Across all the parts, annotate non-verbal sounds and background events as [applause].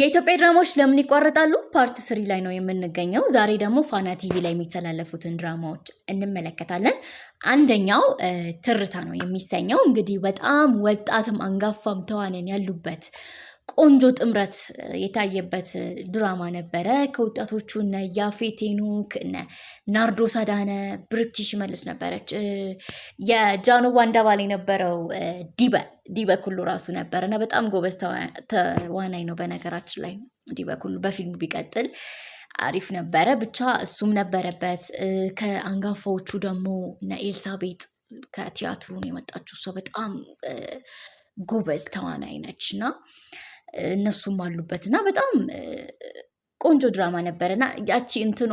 የኢትዮጵያ ድራማዎች ለምን ይቋረጣሉ? ፓርት ስሪ ላይ ነው የምንገኘው። ዛሬ ደግሞ ፋና ቲቪ ላይ የሚተላለፉትን ድራማዎች እንመለከታለን። አንደኛው ትርታ ነው የሚሰኘው። እንግዲህ በጣም ወጣትም አንጋፋም ተዋንያን ያሉበት ቆንጆ ጥምረት የታየበት ድራማ ነበረ። ከወጣቶቹ እነ ያፌት ሄኖክ፣ እነ ናርዶስ አዳነ፣ ብርክቲ ሽመልስ ነበረች። የጃኖ ዋንዳ ባል የነበረው ዲበ ዲበ ኩሉ ራሱ ነበረ እና በጣም ጎበዝ ተዋናይ ነው። በነገራችን ላይ ዲበ ኩሉ በፊልም ቢቀጥል አሪፍ ነበረ። ብቻ እሱም ነበረበት። ከአንጋፋዎቹ ደግሞ እነ ኤልሳቤጥ ከቲያትሩን የመጣችው እሷ በጣም ጎበዝ ተዋናይ ነች እና እነሱም አሉበት እና በጣም ቆንጆ ድራማ ነበረ እና ያቺ እንትኗ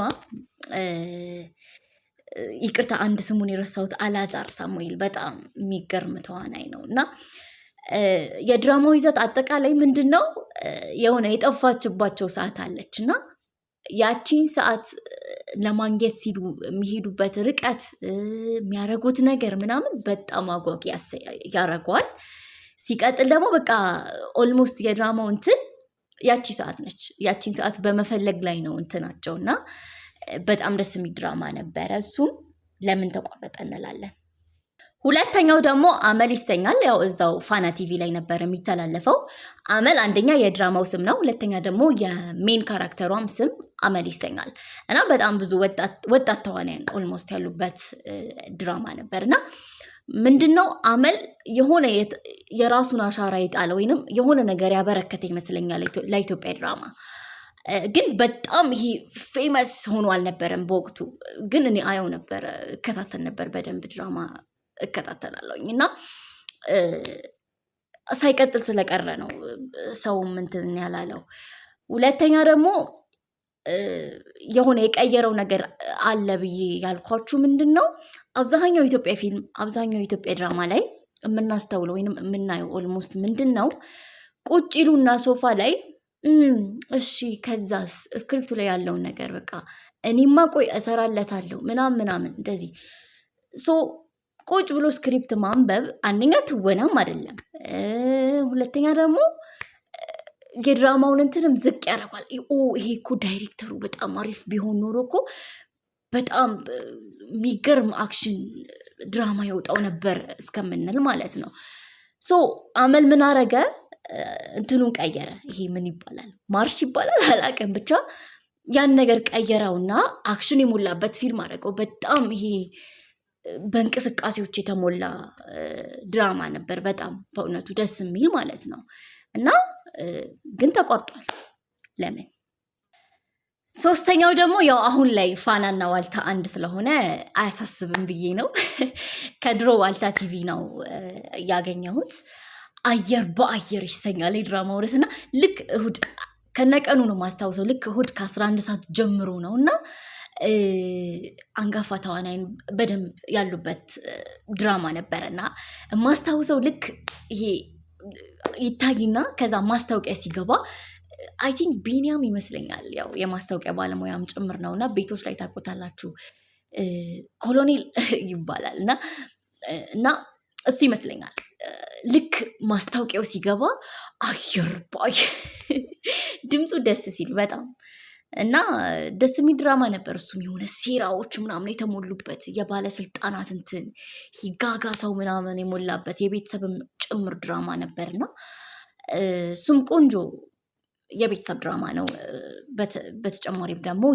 ይቅርታ አንድ ስሙን የረሳሁት አላዛር ሳሙኤል በጣም የሚገርም ተዋናይ ነው እና የድራማው ይዘት አጠቃላይ ምንድን ነው? የሆነ የጠፋችባቸው ሰዓት አለች እና ያቺን ሰዓት ለማግኘት ሲሉ የሚሄዱበት ርቀት የሚያደረጉት ነገር ምናምን በጣም አጓጊ ያረገዋል። ሲቀጥል ደግሞ በቃ ኦልሞስት የድራማው እንትን ያቺ ሰዓት ነች። ያቺን ሰዓት በመፈለግ ላይ ነው እንትናቸው እና በጣም ደስ የሚል ድራማ ነበረ። እሱም ለምን ተቋረጠ እንላለን። ሁለተኛው ደግሞ አመል ይሰኛል። ያው እዛው ፋና ቲቪ ላይ ነበር የሚተላለፈው። አመል አንደኛ የድራማው ስም ነው፣ ሁለተኛ ደግሞ የሜን ካራክተሯም ስም አመል ይሰኛል እና በጣም ብዙ ወጣት ተዋናያን ኦልሞስት ያሉበት ድራማ ነበር እና ምንድን ነው አመል የሆነ የራሱን አሻራ የጣለ ወይንም የሆነ ነገር ያበረከተ ይመስለኛል ለኢትዮጵያ ድራማ። ግን በጣም ይሄ ፌመስ ሆኖ አልነበረም በወቅቱ። ግን እኔ አየው ነበር፣ እከታተል ነበር በደንብ ድራማ እከታተላለሁኝ እና ሳይቀጥል ስለቀረ ነው ሰውም እንትን ያላለው። ሁለተኛ ደግሞ የሆነ የቀየረው ነገር አለ ብዬ ያልኳችሁ ምንድን ነው፣ አብዛኛው ኢትዮጵያ ፊልም አብዛኛው ኢትዮጵያ ድራማ ላይ የምናስተውለው ወይም የምናየው ኦልሞስት ምንድን ነው ቁጭ ይሉና ሶፋ ላይ እሺ፣ ከዛስ እስክሪፕቱ ላይ ያለውን ነገር በቃ እኔማ ቆይ እሰራለታለሁ ምናምን ምናምን እንደዚህ ሶ ቁጭ ብሎ ስክሪፕት ማንበብ አንደኛ ትወናም አይደለም፣ ሁለተኛ ደግሞ የድራማውን እንትንም ዝቅ ያደርጓል። ይሄ እኮ ዳይሬክተሩ በጣም አሪፍ ቢሆን ኖሮ እኮ በጣም የሚገርም አክሽን ድራማ የወጣው ነበር እስከምንል ማለት ነው። ሶ አመል ምን አረገ? እንትኑን ቀየረ። ይሄ ምን ይባላል? ማርሽ ይባላል አላውቅም። ብቻ ያን ነገር እና አክሽን የሞላበት ፊልም አደረገው። በጣም ይሄ በእንቅስቃሴዎች የተሞላ ድራማ ነበር። በጣም በእውነቱ ደስ የሚል ማለት ነው እና ግን ተቆርጧል። ለምን? ሶስተኛው ደግሞ ያው አሁን ላይ ፋናና ዋልታ አንድ ስለሆነ አያሳስብም ብዬ ነው። [laughs] ከድሮ ዋልታ ቲቪ ነው ያገኘሁት። አየር በአየር ይሰኛል የድራማው ርዕስ እና ልክ እሁድ ከነቀኑ ነው ማስታውሰው። ልክ እሁድ ከ11 ሰዓት ጀምሮ ነው እና አንጋፋ ተዋናይን በደንብ ያሉበት ድራማ ነበረ እና ማስታውሰው ልክ ይሄ ይታይና ከዛ ማስታወቂያ ሲገባ አይ ቲንክ ቢኒያም ይመስለኛል ያው የማስታወቂያ ባለሙያም ጭምር ነው እና ቤቶች ላይ ታቆታላችሁ ኮሎኔል [laughs] ይባላል እና እና እሱ ይመስለኛል ልክ ማስታወቂያው ሲገባ አየር ባይ [laughs] ድምፁ ደስ ሲል በጣም እና ደስ የሚል ድራማ ነበር። እሱም የሆነ ሴራዎች ምናምን የተሞሉበት የባለስልጣናት እንትን ጋጋታው ምናምን የሞላበት የቤተሰብም ጭምር ድራማ ነበር እና እሱም ቆንጆ የቤተሰብ ድራማ ነው። በተጨማሪም ደግሞ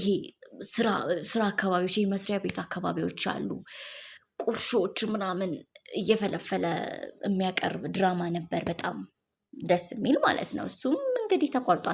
ይሄ ስራ አካባቢዎች ይሄ መስሪያ ቤት አካባቢዎች አሉ ቁርሾች ምናምን እየፈለፈለ የሚያቀርብ ድራማ ነበር። በጣም ደስ የሚል ማለት ነው። እሱም እንግዲህ ተቋርጧል።